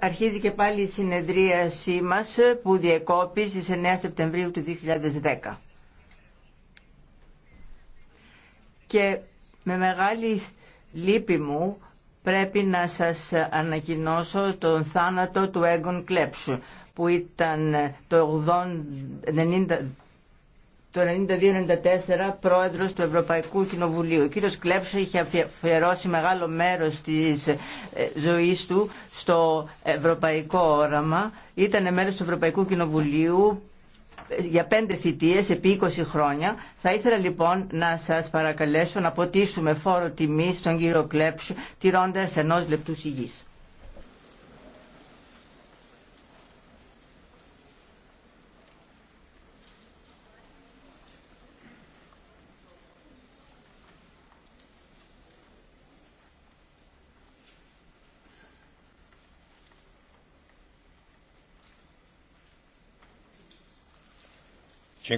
Αρχίζει και πάλι η συνεδρίασή μας που διεκόπη στις 9 Σεπτεμβρίου του 2010. Και με μεγάλη λύπη μου πρέπει να σας ανακοινώσω τον θάνατο του Έγκον Κλέψου που ήταν το 80, 90, το 1992-1994 πρόεδρος του Ευρωπαϊκού Κοινοβουλίου. Ο κύριος Κλέψου είχε αφιερώσει μεγάλο μέρος της ε, ζωής του στο ευρωπαϊκό όραμα. Ήταν μέλος του Ευρωπαϊκού Κοινοβουλίου ε, για πέντε θητείες επί 20 χρόνια. Θα ήθελα λοιπόν να σας παρακαλέσω να ποτίσουμε φόρο τιμή στον κύριο Κλέψου, τηρώντας ενός λεπτού υγιής. Σα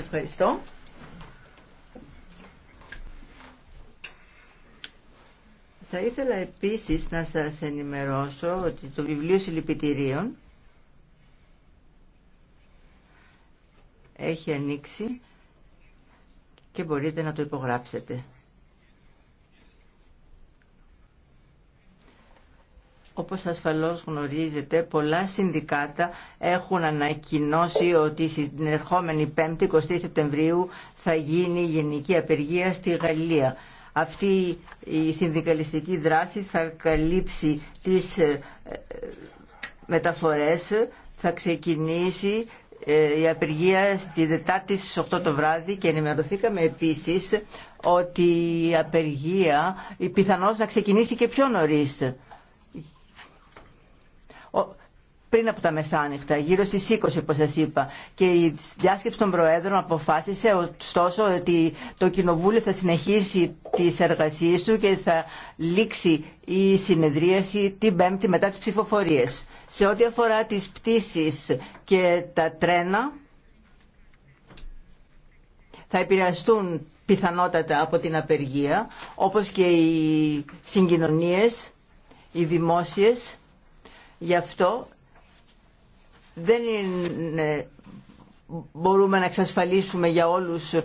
ευχαριστώ. Θα ήθελα επίσης να σας ενημερώσω ότι το βιβλίο συλληπιτηρίων έχει ανοίξει και μπορείτε να το υπογράψετε. Όπως ασφαλώς γνωρίζετε, πολλά συνδικάτα έχουν ανακοινώσει ότι την ερχόμενη 5η 20 Σεπτεμβρίου θα γίνει γενική απεργία στη Γαλλία. Αυτή η συνδικαλιστική δράση θα καλύψει τις ε, ε, μεταφορές, θα ξεκινήσει ε, η απεργία στη Δετάρτη στις 8 το βράδυ και ενημερωθήκαμε επίσης ότι η απεργία πιθανώς να ξεκινήσει και πιο νωρίς πριν από τα μεσάνυχτα, γύρω στις 20 όπως σας είπα. Και η διάσκεψη των Προέδρων αποφάσισε ωστόσο ότι το Κοινοβούλιο θα συνεχίσει τις εργασίες του και θα λήξει η συνεδρίαση την Πέμπτη μετά τις ψηφοφορίες. Σε ό,τι αφορά τις πτήσεις και τα τρένα, θα επηρεαστούν πιθανότατα από την απεργία, όπως και οι συγκοινωνίες, οι δημόσιες. Γι' αυτό δεν μπορούμε να εξασφαλίσουμε για όλους